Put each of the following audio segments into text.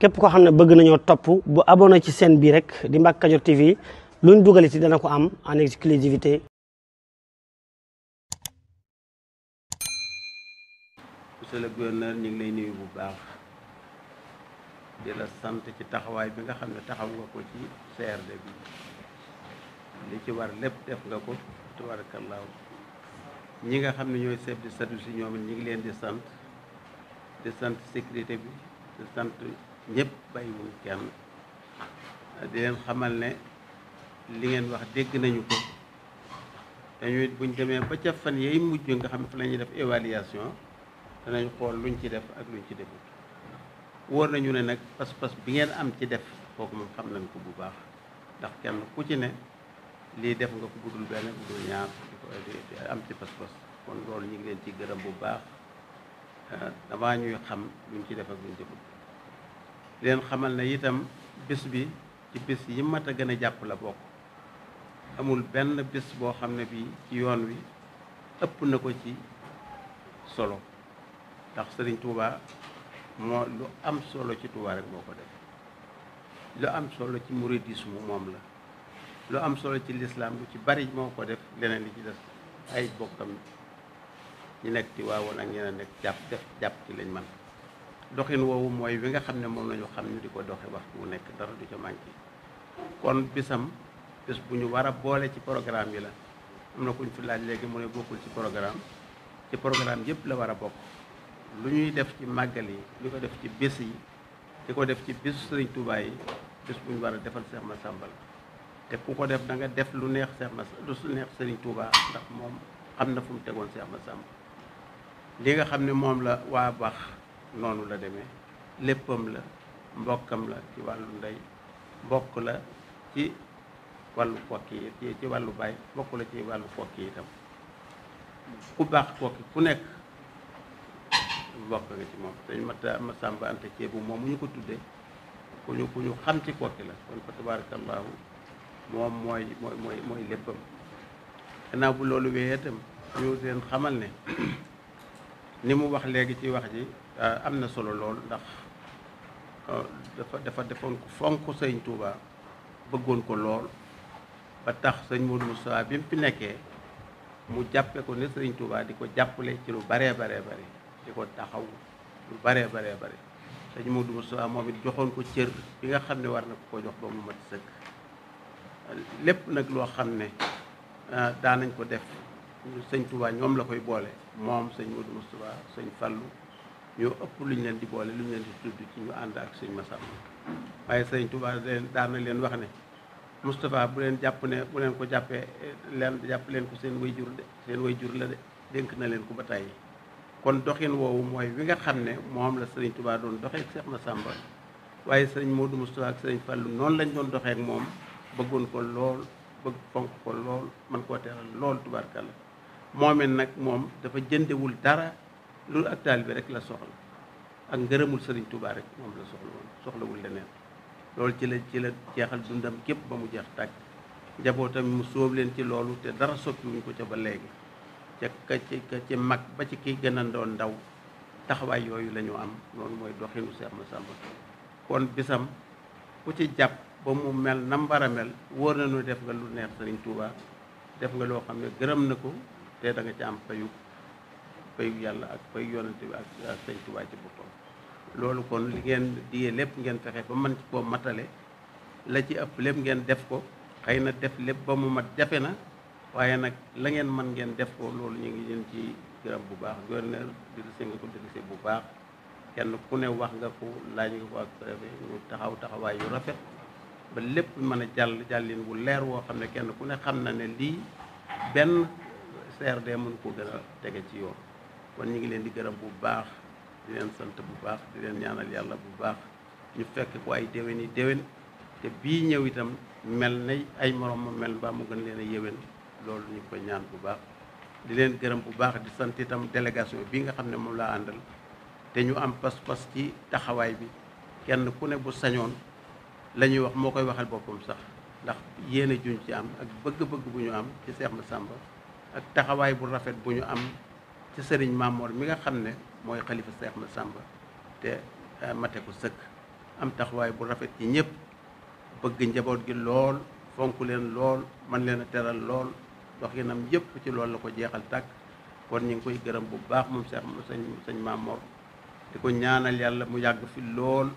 képp koo xam ne bëgg nañoo topp bu abonné ci seen bii rek di Mbacke Kadior TV luñ dugal ci dana ko am en exclusivité monsieur le gouverneur ñu ngi lay nuyu bu baax di sant ci taxawaay bi nga xam ne taxaw nga ko ci CRD bi li ci war lépp def nga ko tubarakallaahu ñi nga xam ne ñooy chef de service yi ñoom ñi ngi leen di sant di sant sécurité bi di sant ñëpp bàyyiwul kenn di leen xamal ne li ngeen wax dégg nañu ko dañuy buñ demee ba ca fan yay mujj nga xam fa la ñuy def évaluation danañ xool luñ ci def ak luñ ci defut wóor nañu ne nag pas-pas bi ngeen am ci def kooku moom xam nañ ko bu baax ndax kenn ku ci ne lii def nga ko budul benn budul ñaar di am ci pas-pas kon loolu ñu ngi leen ci gërëm bu baax eh, damaa ñuy xam luñ ci def ak luñ ci di leen xamal na itam bis bi ci bis yi mat a gën a jàpp la bokk amul benn bis boo xam ne bii ci yoon wi ëpp na ko ci solo ndax sëriñ Touba moo lu am solo ci Touba rek moo ko def lu am solo ci mouridisme moom la lu am solo ci lislaam lu ci bari moo ko def leneen li ci des ay bokkam ñu nekk ci waawoon ak ñeneen nekk jàpp def jàpp ci lañ man doxin woowu mooy wi nga xam ne moom la ñu xam ñu di ko doxe waxtu wu nekk dara du ca manqué kon bisam bés bu ñu war a boole ci programme yi la am na kuñ fi laaj léegi mu ne bokkul ci programme ci programme yëpp la war a bokk lu ñuy def ci màggal yi li ko def ci bés yi di ko def ci bésu Sëriñ Tuubaa yi bés bu ñu war a defal Seex Masàmba la te ku ko def da nga def lu neex Seex Mas lu neex Sëriñ Tuubaa ndax moom am na fu mu tegoon Seex Masàmba li noonu la demee léppam la mbokkam la ci wàllu ndey mbokk la ci wàllu kokki yi ci wàllu baay mbokk la ci wàllu kokki tam ku baax kokki ku nekk mbokk nga ci moom dañ mata am ante ceebu moom mu ñu ko tuddee ku ñu ku ñu xam ci kokki la kon fa tabaarakallaahu moom mooy mooy mooy mooy léppam gannaaw bu loolu wéyee itam ñu seen xamal ne ni mu wax léegi ci wax ji euh, am na solo lool ndax euh, dafa dafa defoon ko fonk sëñ Touba bëggoon ko lool ba tax sëñ Modou Moustapha bi mu fi nekkee mu jàppe ko ne sëñ Touba di ko jàppale ci lu baree baree bare di ko taxaw lu baree baree bare sëñ Modou Moustapha moom it joxoon ko cër bi nga xam ne war na ko ko jox ba mu mat sëkk lépp nag loo xam ne euh, daanañ ko def sëñ Touba ñoom la koy boole moom sëñ Modou Moustapha sëñ Fallou ñoo ëpp lu ñu leen di boole lu ñu leen di tudd ci ñu ànd ak sëñ Massamba waaye sëñ Touba leen daan leen wax ne Moustapha bu leen jàpp ne bu leen ko jàppee leen jàpp leen ko seen way jur seen way jur la de na leen ko ba tàyyi kon doxin woowu mooy wi nga xam ne moom la sëriñ Touba doon doxee ak Cheikh Massamba waaye sëñ Modou Moustapha ak sëriñ Fallou noonu lañ doon doxee moom bëggoon ko lool bëgg fonk ko lool mën koo teral lool tubaarkàlla moomeel nag moom dafa jëndewul dara loolu ak bi rek la soxla ak ngërëmul sëriñ Tuubaa rek moom la soxla soxlawul leneen loolu ci la ci la jeexal dundam képp ba mu jeex tàkk njabootam mu sóob leen ci loolu te dara soppiwuñ ko ca ba léegi ca ka ci ka ci mag ba ci ki gën ndoon ndaw taxawaay yooyu lañu am loolu mooy doxinu Seex Masamba kon bisam ku ci jàpp ba mu mel na war a mel wóor nañu def nga lu neex sëriñ Tuubaa def nga loo xam ne gërëm na ko te da nga ci am payu payu yàlla ak payu yonante bi ak sëñ Tuubaa ci bu tool loolu kon li ngeen diyee lépp ngeen fexe ba mën ci koo matale la ci ëpp lépp ngeen def ko xëy na def lépp ba mu mat jafe na waaye nag la ngeen mën ngeen def ko loolu ñu ngi leen ci gërëm bu baax gouverneur dirigé nga ko dirigé bu baax kenn ku ne wax nga ko laaj nga ko ak préfet ñu taxaw taxawaay yu rafet ba lépp mën a jàll jàllin wu leer woo xam ne kenn ku ne xam na ne lii benn CRD mënu ko gën a tege ci yoon kon ñu ngi leen di gërëm bu baax di leen sant bu baax di leen ñaanal yàlla bu baax ñu fekk ko ay déwén yi déwén te bii ñëw itam mel na ay morom ma mel mbaa mu gën leen a yéwén loolu ñu ko ñaan bu baax di leen gërëm bu baax di sant itam délégation bii nga xam ne moom laa àndal te ñu am pas-pas ci taxawaay bi kenn ku ne bu sañoon la ñuy wax moo koy waxeel boppam sax ndax yéen a juñ ci am ak bëgg-bëgg bu ñu am ci Seex Masàmba ak taxawaay bu rafet bu ñu am ci sëriñ Maamoor mi nga xam ne mooy xalifa Seex Ma Sàmba te eh, mate ko sëkk am taxawaay bu rafet ci ñëpp bëgg njaboot gi lool fonk leen lool man leen a teral lool doxinam yëpp ci loolu la ko jeexal takk kon ñu ngi koy gërëm bu baax moom Seex sëñ sañ Maamoor di ko ñaanal yàlla mu yàgg fi lool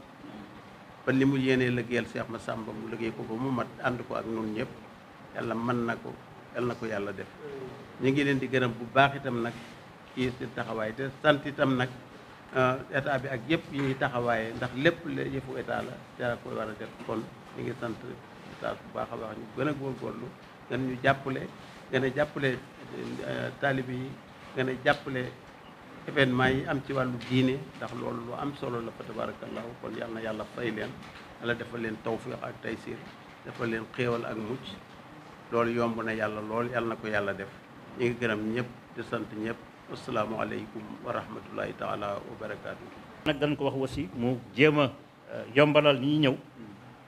ba li mu yéenee liggéeyal Seex Ma Sàmba mu liggéey ko ba mu mat ànd ko ak nun ñëpp yàlla mën na ko yal na ko yàlla def ñu ngi leen di gërëm bu baax itam nag ci taxawaay te sant itam nag eh, état bi ak yëpp yi ñuy taxawaaye ndax lépp la yëfu état la dara war a def kon ñu ngi sant état bu baax a baax ñu gën a góorgóorlu gën ñu jàppale gën a jàppale eh, taalibe yi gën a jàppale événement yi am ci wàllu diine ndax loolu lu am solo la fa tabarakallahu kon yal na yàlla fay leen yàlla defal leen tawfiq ak taysir defal leen xéewal ak mucc loolu yomb na yàlla lool yàlla na ko yàlla def ñu ngi gërëm ñëpp di sant ñëpp asalaamaaleykum wa rahmatullahi taala dañ ko wax aussi mu jéem a euh, yombalal ñi ñëw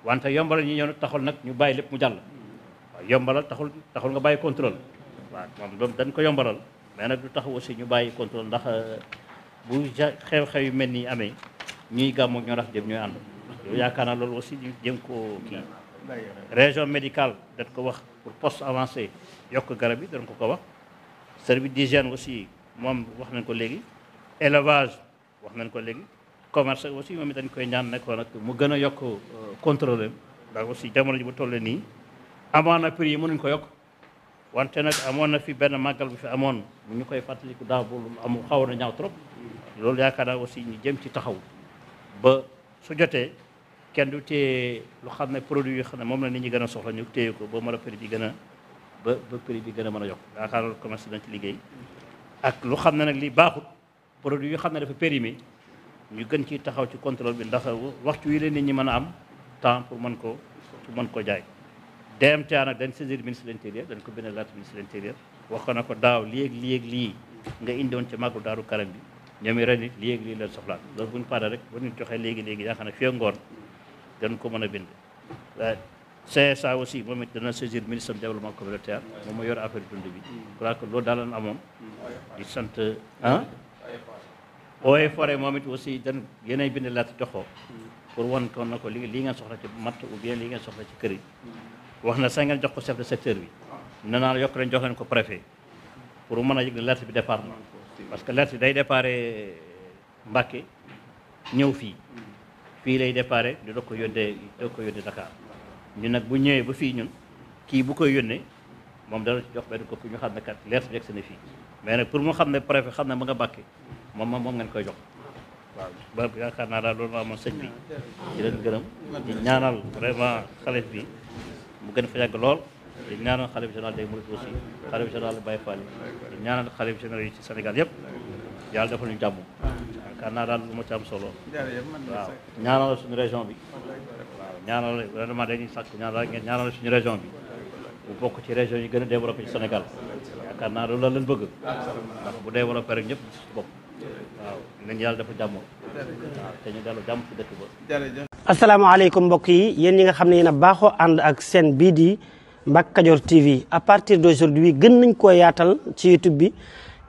wante yombalal ñi ñëw nag taxul nag ñu bàyyi lépp mu jàll waaw yombalal taxul taxul nga bàyyi contrôle waaw moom loolu dañ ko yombalal mais nag du taxu aussi ñu bàyyi contrôle ndax euh, bu xew-xew yu mel nii amee ñuy gàmmoog ñoo tax jëm ñooy ànd yow yaakaar naa loolu aussi ñu jéem koo kii région médicale dañ ko wax pour poste avancé yokk garab yi dañ ko ko wax service d'hygiène aussi moom wax nañ ko léegi élevage wax nañ ko léegi commerce aussi moom dañ koy ñaan nekkoon nag mu gën a yokk euh, contrôle ndax aussi jamono ji bu tolle nii amoon na prix yi mënuñ ko yokk wante nag amoon na fi benn màggal bu fi amoon mu ñu koy fàttaliku daaw bu am xaw na ñaaw trop loolu yaakaar naa aussi ñu jëm ci taxaw ba su kenn du téye lu xam ne produit yoo xam ne moom la nit ñi gën a soxla ñu téye ko ba mën a prix bi gën a ba ba prix bi gën a mën a yokk yaakaar loolu commerce dina ci liggéey ak lu xam ne nag lii baaxut produit yoo xam ne dafa mi ñu gën ci taxaw ci contrôle bi ndax waxtu yi leen nit ñi mën a am temps pour mën ko pour mën ko jaay te DMTA nag dañ saisir ministre de l'intérieur dañ ko bind laata ministre de l'intérieur wax ko na ko daaw léegi léegi lii nga indiwoon ci màggalu Daaru Karam bi ñoom i ren it léegi lii leen soxlaat loolu bu rek bu ñu joxee léegi léegi yaa xam ne ngoon gën ko mën a bind CSA aussi moom it dana saisir ministre développement communautaire moom ma yor affaire bi crois que loolu daalan amoon di sant ah ooye forêt moom it aussi dan yéenay bind lettre jox ko pour won ko na ko li lii ngeen soxla ci matt ou bien lii ngeen soxla ci këri wax na sa ngeen jox ko chef de bi ne naa yokk leen ko préfet pour mën a yëg ne bi départ na parce que lettre bi day départ Mbacké ñëw fii fii lay déparé di doog ko yónnee doog ko yónnee Dakar ñun nag bu ñëwee ba fii ñun kii bu koy yónnee moom dana ci jox benn copie ñu xam ne kaat lettre bi egsi na fii mais nag pour mu xam ne préfet xam ne ma nga bàkke moom moom ngeen koy jox waaw bu yaakaar naa daal loolu ma amoon sëñ bi di leen gërëm di ñaanal vraiment xalif bi mu gën fa yàgg lool di ñaanal xalif général day murit aussi xalif général Baye Fall di ñaanal xalif général yi ci Sénégal yëpp yàlla defal ñu jàmm yaakaar naa daal lu ma ci am solo waaw suñu région bi waaw ñaanal vraiment dañuy sàkk ñaanal rek ngeen ñaanal bu bokk ci région yi gën a développé ci Sénégal yaakaar naa loolu la leen bëgg ndax bu développé rek ñëpp su bopp waaw nañ yàlla dafa jàmm waaw te ñu dellu jàmm ci dëkk ba asalaamaaleykum mbokk yi yéen ñi nga xam ne yéen a baaxoo ànd ak seen bii di Mbacke TV à partir d'aujourd'hui gën nañ koo yaatal ci YouTube